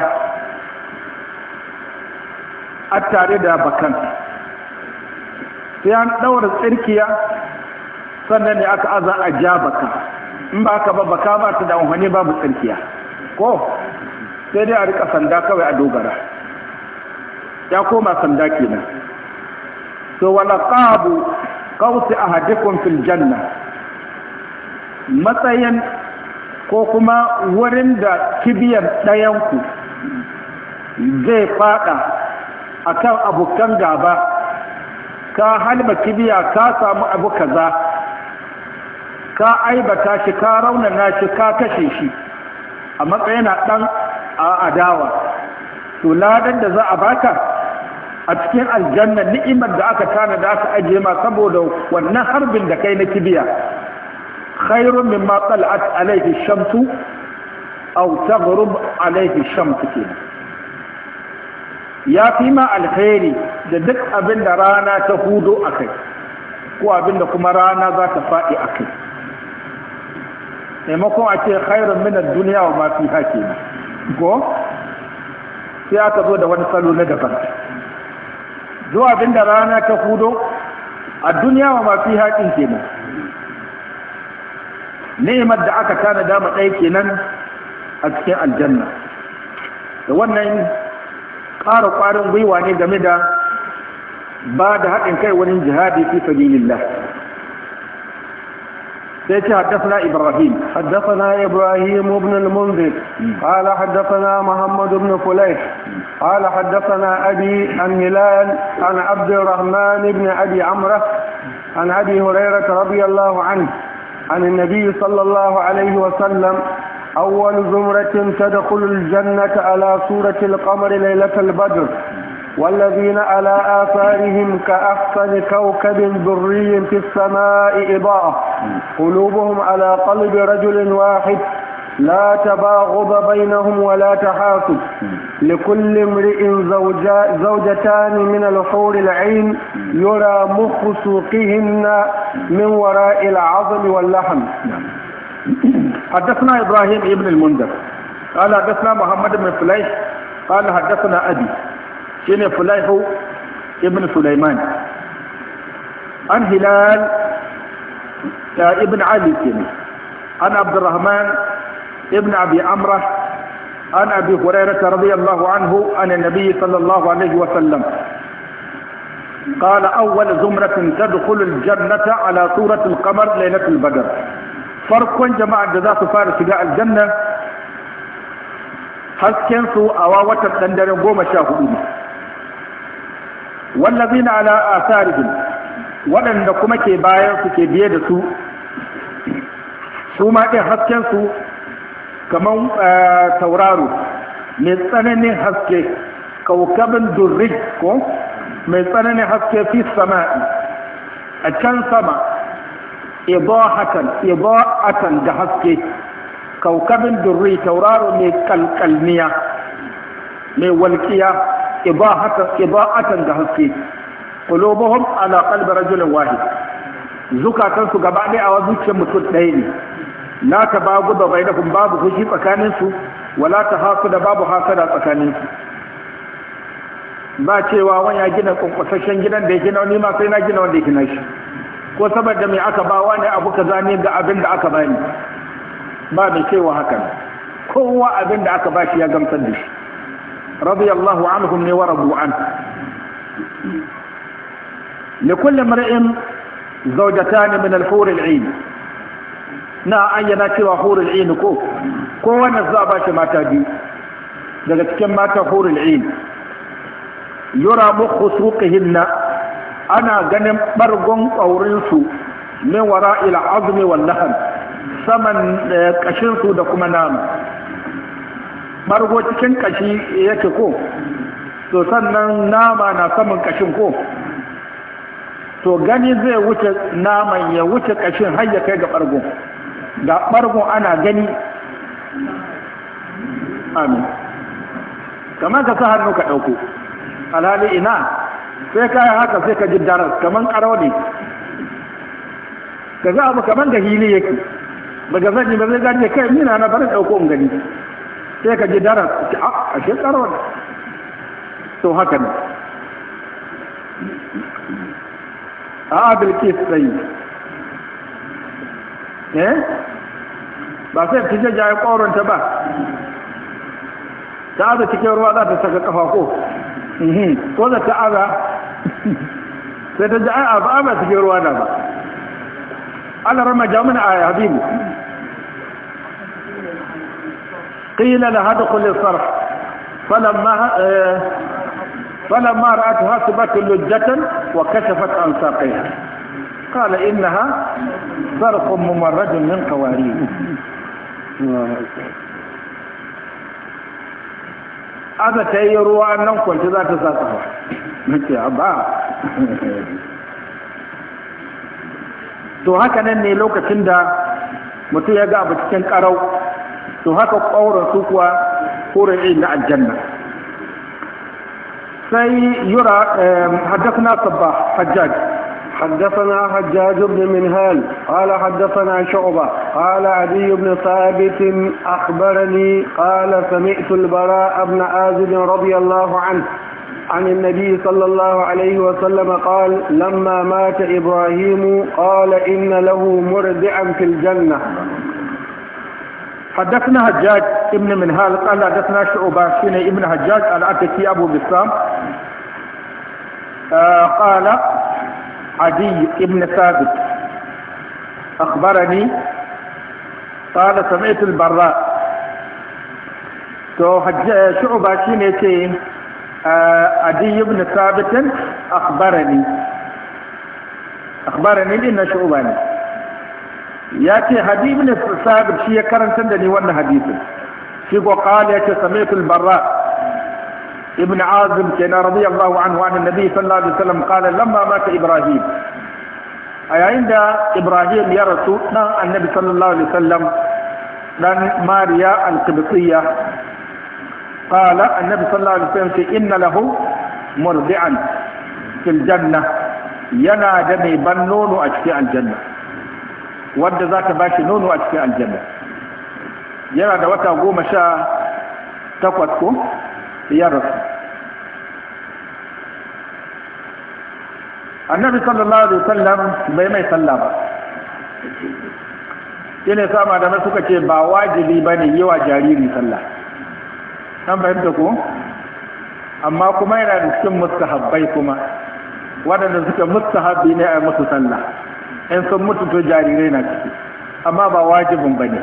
a tare da bakan sai an ɗaura tsirkiya sannan ne aka aza a ja baka in ba ka ba baka ba ta da wani babu tsirkiya ko sai dai a rika sanda kawai a dogara ya koma sanda kenan to wala qabu qawsi ahadikum fil janna matsayin ko kuma wurin da kibiyar ku zai fada akan abokan gaba ka halba kibiya ka samu abu kaza ka aibata shi ka raunana shi ka kashe shi a matsayin ɗan adawa to ladan da za a baka a cikin aljanna ni'imar da aka tana da aka ajiye ma saboda wannan harbin da kai na kibiya khairun mimma talat alaihi shamsu aw taghrub alaihi shamsu kenan ya fi ma alkhairi da duk abin da rana ta hudo a kai ko abin da kuma rana za ta faɗi a kai maimakon a ce khairun minar duniya wa mafi haƙi go? sai aka zo da wani salo na daban zuwa abin da rana ta hudo a duniya wa mafi haƙin kenan ni'imar da aka tana dama ɗaya kenan a cikin aljanna da wannan ƙara ƙwarin gwiwa ne game da ba da haɗin kai wani jihadi fi sabilillah سيتي حدثنا إبراهيم حدثنا إبراهيم بن المنذر قال حدثنا محمد بن فليح قال حدثنا أبي عن هلال عن عبد الرحمن بن أبي عمرة عن أبي هريرة رضي الله عنه عن النبي صلى الله عليه وسلم أول زمرة تدخل الجنة على سورة القمر ليلة البدر والذين على آثارهم كأحسن كوكب ذري في السماء إضاءة قلوبهم على قلب رجل واحد لا تباغض بينهم ولا تحاسد لكل امرئ زوجا زوجتان من الحور العين يرى مخ سوقهن من وراء العظم واللحم حدثنا إبراهيم ابن المنذر قال حدثنا محمد بن فليح قال حدثنا أبي shine fulaihu ابن سليمان عن هلال ابن علي ali عن عبد الرحمن ابن ابي عمره عن أبي هريرة رضي الله عنه عن النبي صلى الله عليه وسلم قال أول زمرة تدخل الجنة على صورة القمر ليلة البدر فرق جماعة جزاء فارس جاء الجنة هل كنسوا أواوة تندر قوم شاهدين na ala asarihim waɗanda kuma ke bayan su ke biye da su su ma ɗin hasken su kamar eh, tauraro mai tsananin haske kaukabin durin ko mai tsananin haske fi sama'i a can sama ibahatan da haske kaukabin durri tauraro mai kalkalniya mai walƙiya ibahatan da haske kulubuhum ala qalbi rajulin wahid zukatan su gaba ɗaya a zuciyar mutum ɗaya ne Na la tabagu da bainakum babu fushi tsakanin su wala da babu hasada tsakanin su ba cewa wani ya gina kwankwasashen gidan da ya gina wani ma sai na gina wanda ya gina shi ko saboda mai aka ba ne abu kaza ne ga abin da aka bani ba mai cewa hakan kowa abin da aka ba shi ya gamsar da shi رضي الله عنهم ورضوا عنه لكل امرئ زوجتان من الحور العين نا اينا سوى حور العين كو كو انا الزاباش ما تاجي لقد كم مات حور العين يرى مخ سوقهن انا غنم برغم اورنسو من وراء العظم واللحم سمن آه، كشنسو دكما نام farko cikin kashi yake ko to sannan nama na saman kashin ko to gani zai wuce naman ya wuce kashin har ya kai ga ɓargo ga ɓargo ana gani amin kamar ka sa hannu ka ɗauko alhali ina sai ka yi haka sai ka ji darar kamar ƙaro ne ka za abu kamar ga hili yake ba ga zani ba zai gani kai nina na bari ɗauko in gani sai ka ji daras a a haka ne a tsayi eh ba sai ya jajaye ta ba ta aza cikin ruwa za ta saka kafa ko ko za ta aza sai ta ji ai abu ba cikin ruwa na ba ana rama jami'a a habibu قيل لها دخل الصرف فلما آه، فلما رأتها سبت لجة وكشفت عن ساقيها قال إنها صرف ممرج من قوارير هذا تأيير وأنهم كنت ذات ساقها مش يا أبا تو هكذا أني لو كتندا متى يجاب تكن كراو to haka ƙaurar su kuwa ƙorai na aljanna sai yura haddasana sabba hajjaj حدثنا حجاج بن منهال قال حدثنا شعبة قال عدي بن ثابت أخبرني قال سمعت البراء بن آزد رضي الله عنه عن النبي صلى الله عليه وسلم قال لما مات إبراهيم قال إن له مردعا في الجنة حدثنا حجاج ابن منهال قال حدثنا شعبة شين ابن حجاج الأتكي أبو بسام آه قال عدي ابن ثابت أخبرني قال سمعت البراء تو شعبة شين آه، عدي ابن ثابت أخبرني أخبرني لأن شعباني ya ce hadib ne sabir shi ya karanta da ni wannan hadisin shi ko qala ya ce sami'tu al-barra ibn azim kenan radiyallahu anhu an annabi sallallahu alaihi wasallam qala lamma mata ibrahim a yayin da ibrahim ya rasu dan annabi sallallahu alaihi wasallam dan mariya al-qibtiyya qala annabi sallallahu alaihi wasallam ce inna lahu murdi'an fil janna yana da mai ban nono a cikin aljanna wadda za ta ba shi nono a cikin aljanna yana da wata goma sha takwas ko ya rasu annabi sallallahu alaihi wasallam bai mai sallah ba shine sama da mai suka ce ba wajibi bane yi wa jariri sallah an fahimta ko amma kuma yana da cikin mustahabbai kuma waɗanda suka mustahabbi ne a musu sallah in sun mutu to jarirai na ciki amma ba wajibin ba ne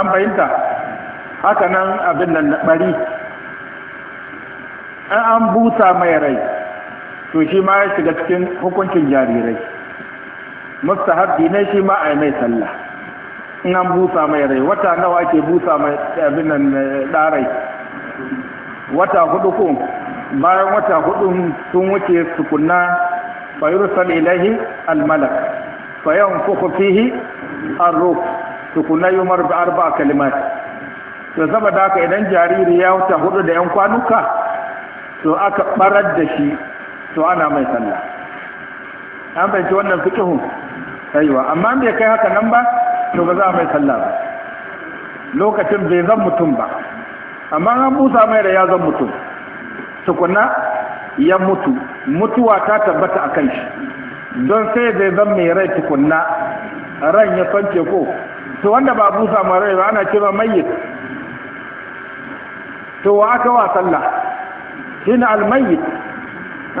an fahimta haka nan abin nan na ɓari in an busa mai rai to shi ma ya shiga cikin hukuncin jarirai mustahabbi ne shi ma a yi mai sallah in an busa mai rai wata nawa ake busa mai abin nan eh, ɗarai wata hudu ko bayan wata hudu sun wuce tukunna fa ilahi al malak fayanfukhu fihi ar-ruh tukuna Umar bi arba kalimat to saboda haka idan jariri ya wuce hudu da yan kwanuka to aka barar da shi to ana mai sallah an fahimci wannan fikihun aiwa amma bai kai haka nan ba to ba za a mai sallah ba lokacin bai zan mutum ba amma an busa mai da ya zan mutum tukuna ya mutu mutuwa ta tabbata a kan shi don sai zai zan mai rai tukunna ran ya fanke ko to wanda ba busa ma rai ba ana cewa mayyit to wa aka wa sallah shine almayyit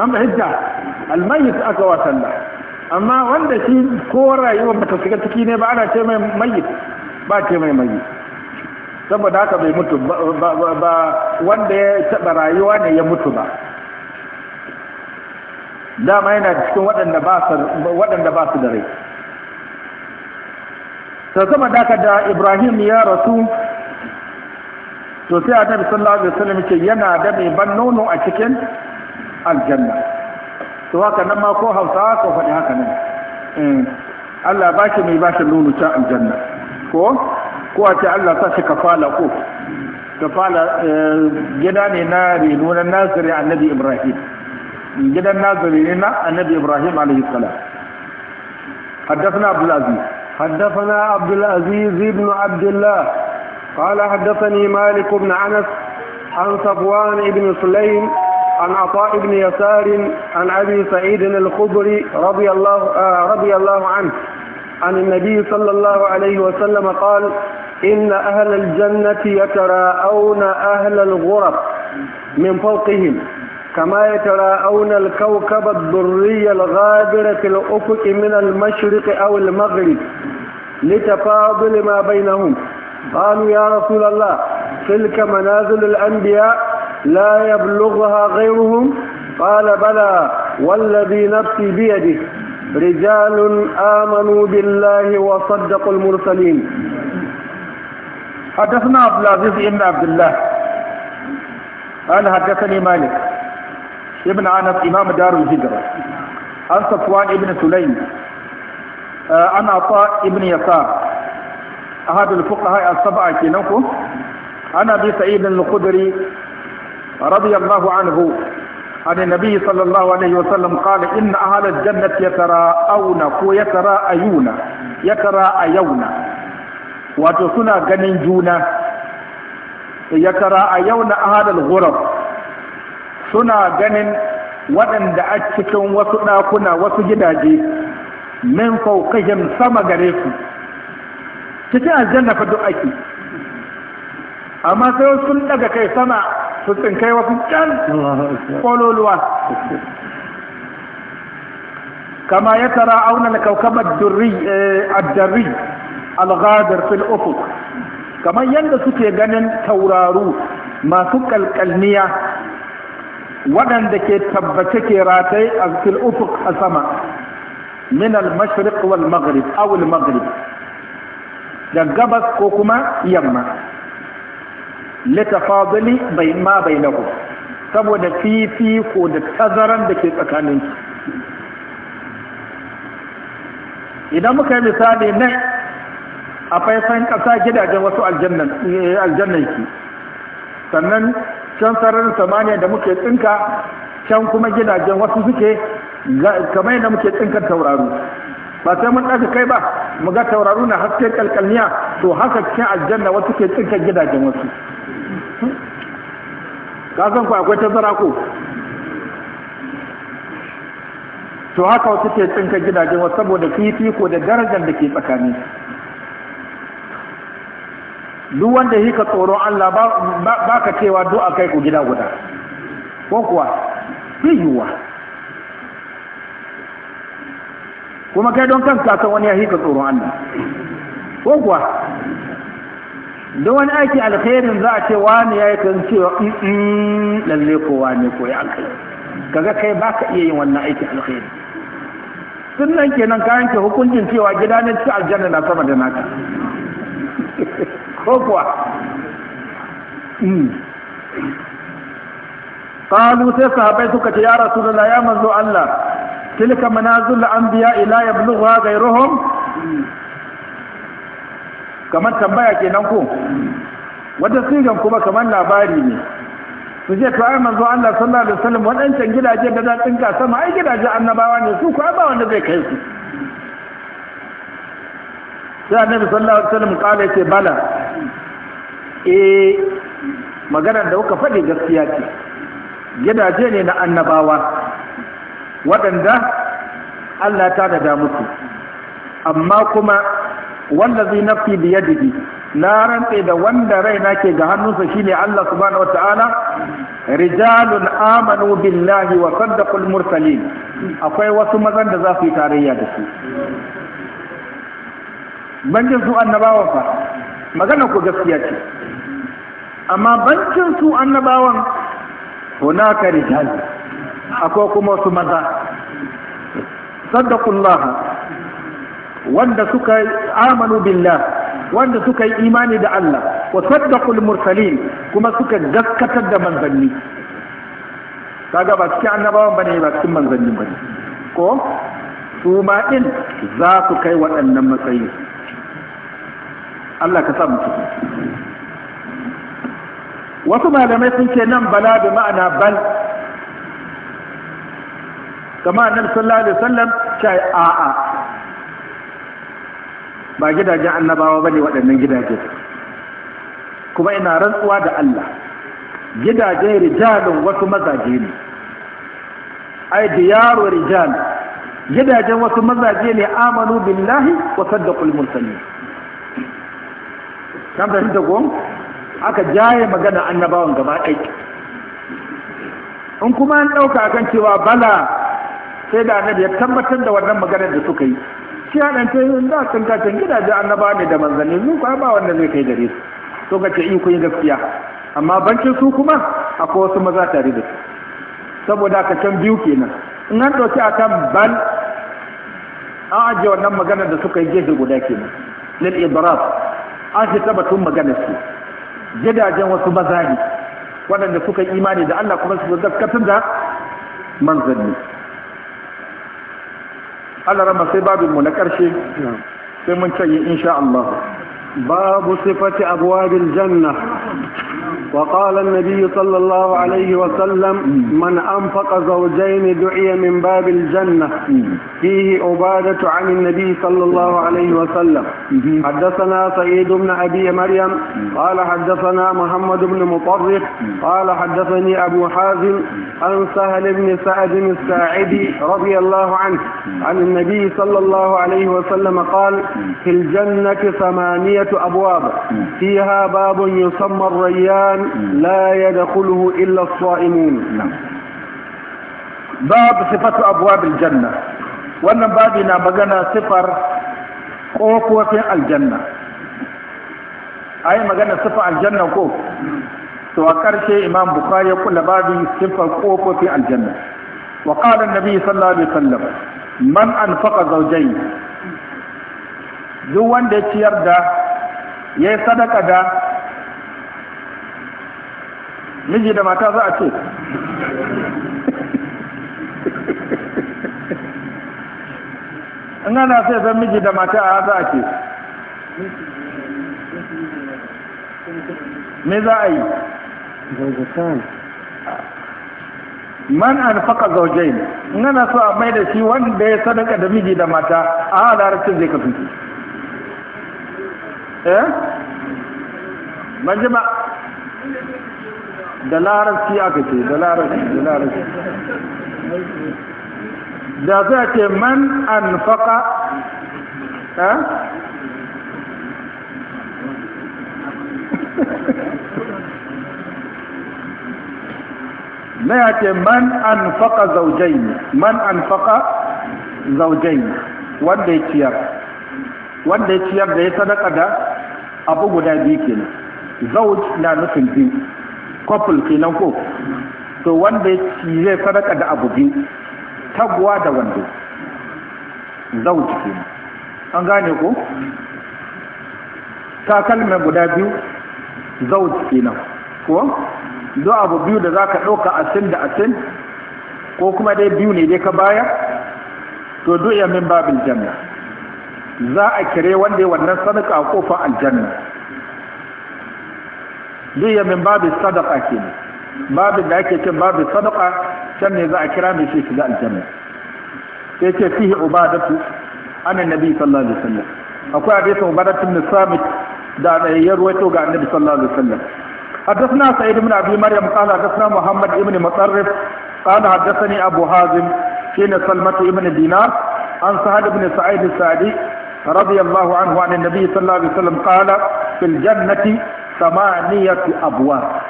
an hijja almayyit aka wa sallah amma wanda shi ko rayuwar ba ta shiga ciki ne ba ana ce mai mayyit ba ce mai mayyit saboda haka bai mutu ba wanda ya taɓa rayuwa ne ya mutu ba dama yana cikin waɗanda ba su da rai Sarsama sama daga da ibrahim ya rasu to sai annabi sallallahu alaihi wasallam ce yana da mai ban nono a cikin aljanna to haka nan ma ko hausa ko faɗi haka nan eh, Allah ba shi mai ba shi nono ta aljanna ko ko a ce Allah sa shi kafala ko kafala eh, gida ne na reno na nazari annabi ibrahim جدنا nazari النبي إبراهيم عليه السلام حدثنا عبد العزيز حدثنا عبد العزيز بن عبد الله قال حدثني مالك بن انس عن صفوان بن سليم عن عطاء بن يسار عن ابي سعيد الخضري رضي الله آه رضي الله عنه عن النبي صلى الله عليه وسلم قال إن أهل الجنة يتراءون أهل الغرف من فوقهم كما يتراءون الكوكب الضري الغابر في الأفق من المشرق أو المغرب لتفاضل ما بينهم قالوا يا رسول الله تلك منازل الأنبياء لا يبلغها غيرهم قال بلى والذي نفسي بيده رجال آمنوا بالله وصدقوا المرسلين حدثنا عبد العزيز بن عبد الله قال حدثني مالك ابن عنب إمام دار الهجرة عن صفوان ابن سليم آه، عن عطاء ابن يسار أحد الفقهاء السبعة كنوكو عن أبي سعيد الخدري رضي الله عنه عن النبي صلى الله عليه وسلم قال إن أهل الجنة يتراءون كو يتراءون يتراءون وتسنى جنين جونا يتراءون أهل الغرب suna ganin waɗanda a cikin wasu ɗakuna wasu gidaje min faukajin sama gare su cikin aljanna fa duk ake amma sai sun daga kai sama su tsinkai wasu can kololuwa kama ya tara auna da kaukamar eh, addari alghadar fil ufuk kamar yadda suke ganin tauraru masu kalkalniya waɗanda ke tabbace ke ratai a fil ufuk a sama min al mashriq wal maghrib aw al maghrib da gabas ko kuma yamma litafadili bai ma bainahu saboda fifi ko da tazaran da ke tsakanin idan muka yi misali ne a faifan ƙasa gidajen wasu aljannan eh, ki sannan can sararin samaniya da muke tsinka can kuma gidajen wasu suke kamar yadda muke tsinkar tauraro ba sai mun ɗaga kai ba mu ga tauraro na haske kalkalniya to haka cikin aljanna wasu ke tsinkar gidajen wasu ka san ku akwai tazara ko to haka wasu ke tsinkar gidajen wasu saboda fifiko da darajar da ke tsakani duk wanda yi ka tsoron Allah ba ka cewa duk a kai ku gida guda ko kuwa bai yiwuwa kuma kai don kanka san wani ya yi ka tsoron Allah ko kuwa duk wani aiki alkhairin za a ce wani ya yi kan cewa lalle ko wani ko ya alkhairi kaga kai ba ka iya yin wannan aikin alkhairi sun nan kenan kayan ke hukuncin cewa gidanin ci aljanna na sama da naka ko kuwa hmm. qalu sai sahabbai suka ce ya rasulullah ya manzo Allah tilka manazil anbiya ila ya yablugha ghayruhum kamar tambaya kenan ko wata sigan kuma kamar labari ne su je to ai manzo Allah sallallahu alaihi wasallam wadancan gidaje da za tsinka sama ai gidaje annabawa ne su kuwa ba wanda zai kai su sai annabi sallallahu alaihi wasallam kala yace bala E maganar da kuka faɗi gaskiya ce gidaje ne na annabawa waɗanda Allah ta da musu amma kuma wanda zai wallazi nafsi biyadihi na rantse da wanda raina ke ga hannunsa shine Allah subhanahu wata'ala rijalun amanu billahi wa saddaqul mursalin akwai wasu mazan da za su yi tarayya da su Ban su annabawa fa magana ku gaskiya ce amma bancin su annabawan hunaka rijal akwai kuma su maza saddakullah wanda suka amanu billah wanda suka yi imani da Allah wa saddaqul mursalin kuma suka gaskatar da manzanni kaga ba cikin annabawan bane ba cikin manzanni bane ko su ma din za su kai waɗannan matsayi Allah ka sa mu ciki wasu malamai sun ce nan bala da ma'ana bal kama nan sallallahu alaihi wasallam ce a'a ba gidajen annabawa bane waɗannan gidaje kuma ina rantsuwa da Allah Gidajen rijalun wasu mazaje ne ai diyaru rijal gidajen wasu mazaje ne amanu billahi wa saddaqul mursalin kan fahimta ko aka jaye magana annabawan gaba ɗai in kuma an ɗauka kan cewa bala sai da annabi ya tabbatar da wannan maganar da suka yi shi a ɗan tayi da sun kacin gidaje annabawa ne da manzanni su ba ba wanda zai kai gare su to ka ce in kun yi gaskiya amma bancin su kuma akwai wasu maza tare da su saboda ka can biyu kenan in an ɗauki a kan bal an ajiye wannan maganar da suka yi gefe guda kenan lil Ibrahim an fi tabbatun maganar su gidajen wasu maza bazari waɗanda suka imani da Allah kuma su gaskatar da manzanni Allah rama sai babin mu na ƙarshe sai mun canye insha Allah babu sifati abwabil janna وقال النبي صلى الله عليه وسلم من أنفق زوجين دعي من باب الجنة فيه عبادة عن النبي صلى الله عليه وسلم حدثنا سعيد بن أبي مريم قال حدثنا محمد بن مطرف قال حدثني أبو حازم عن سهل بن سعد الساعدي رضي الله عنه عن النبي صلى الله عليه وسلم قال في الجنة ثمانية أبواب فيها باب يسمى الريان لا يدخله إلا الصائمون نعم باب صفة أبواب الجنة وأن بابنا مغنى صفر قوة الجنة أي مغنى صفة الجنة قوة وكرش إمام بخاري يقول بابي صفة قوة الجنة وقال النبي صلى الله عليه وسلم من أنفق زوجين duk wanda ya ciyar da ya yi sadaka da miji da mata za a ce in na sai zan miji da mata a za a ce me za a yi man an faka zaujai in na so a mai da shi wanda ya sadaka da miji da mata a halarcin zai kasance eh? ban ji ba da larabci aka ce da larabci da larabci da za ce man an faƙa na ya ce man an faƙa zaujai man an faƙa zaujai wanda ya ciyar wanda ya ciyar da ya sadaka da abu guda biyu kenan zauj na nufin biyu couple kenan ko to wanda ya ci zai sadaka da abu biyu taguwa da wando zauji kenan an gane ko ta kalmar guda biyu zauji nan, ko duk abu biyu da zaka ɗauka asin da asin ko kuma dai biyu ne dai ka baya to duk min babin janna za a kire wanda ya wannan sadaka a kofa aljanna liya min babu sadaka ke ne babin da ake cin babu sadaka can ne za a kira mai shi shiga aljanna sai ce fihi ubadatu anan nabi sallallahu alaihi wasallam akwai hadisin ubadatu min samit da ya ruwaito ga annabi sallallahu alaihi wasallam حدثنا سعيد بن ابي مريم قال حدثنا محمد بن مصرف قال حدثني ابو حازم حين سلمة بن دينار عن سهل بن سعيد السعدي رضي الله عنه عن النبي صلى الله عليه وسلم قال في الجنة samaniyatu abwa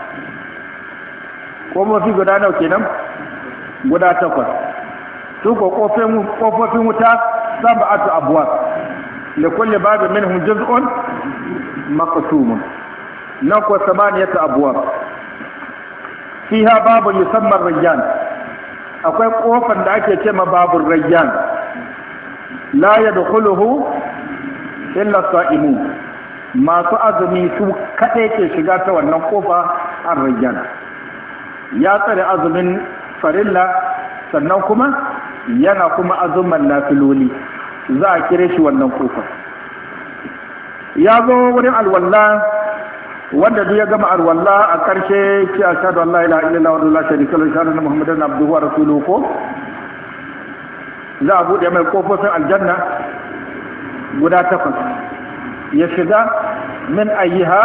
ko mafi guda nau kenan guda takwas su ko kofofin wuta sab'atu abwa li kulli babin minhum juz'un maqsumun nan ko samaniyatu abwa fiha babu yusamma rayyan akwai kofar da ake cewa ma babu rayyan la yadkhuluhu illa sa'imun masu azumi su kaɗai ke shiga ta wannan kofa an rayyana ya tsare azumin farilla sannan kuma yana kuma azumin lafiloli za a kire shi wannan kofa ya zo wurin alwalla wanda duk ya gama alwalla a ƙarshe ki a shaɗu Allah ila ila wa rula sharika la shaɗu na Muhammadan abduhu wa ko za a buɗe mai kofofin aljanna guda takwas ya shiga min ayyiha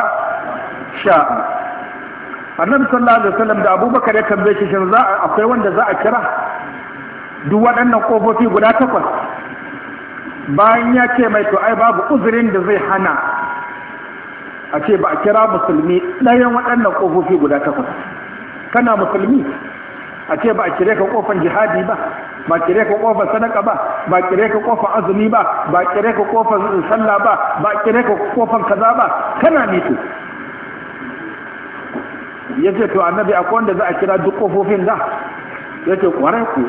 sha'a annabi sallallahu alaihi wasallam da abubakar ya tambaye shi shin za akwai wanda za a kira duk waɗannan ƙofofi guda takwas bayan ya ce mai to ai babu uzurin da zai hana a ce ba a kira musulmi ɗayan waɗannan ƙofofi guda takwas kana musulmi a ce ba a kire ka ƙofan jihadi ba ba kire ka kofar sadaka ba ba kire ka kofar azumi ba ba kire ka kofar sallah ba ba kire ka kofar kaza ba kana nito yace to annabi akwai wanda za a kira duk kofofin da yace kware ku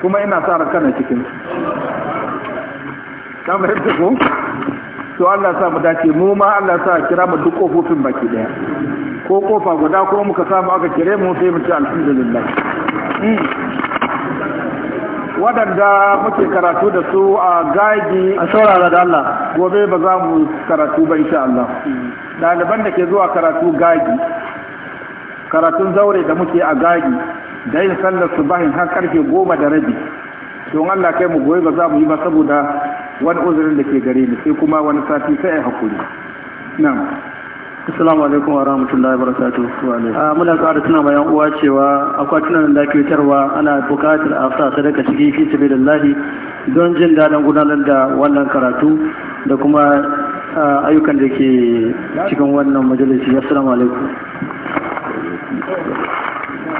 kuma ina sa ran kana cikin kamar yadda ku, to Allah sa mu dace mu ma Allah sa kira mu duk kofofin baki daya ko kofa guda ko muka samu aka kire mu sai mu ce alhamdulillah hmm. waɗanda muke karatu da su a gagi a saurara da Allah gobe ba za mu karatu ba insha Allah ɗaliban da ke zuwa karatu gagi karatun zaure da muke a gagi da yin sallar su bahin har karfe goma da rabi don Allah kai mu goyi ba za mu yi ba saboda wani uzurin da ke gare ni sai kuma wani sati sai a hakuri na'am Assalamu alaikum wa rahmatullahi wa barakatu. a ah, Muna ƙara tuna bayan uwa cewa akwatunan da ke tarwa ana buƙatar a sa sadaka cikin fi lahi don jin daɗin gudanar da wannan karatu da kuma ah, ayyukan da ke cikin wannan majalisi. Assalamu alaikum.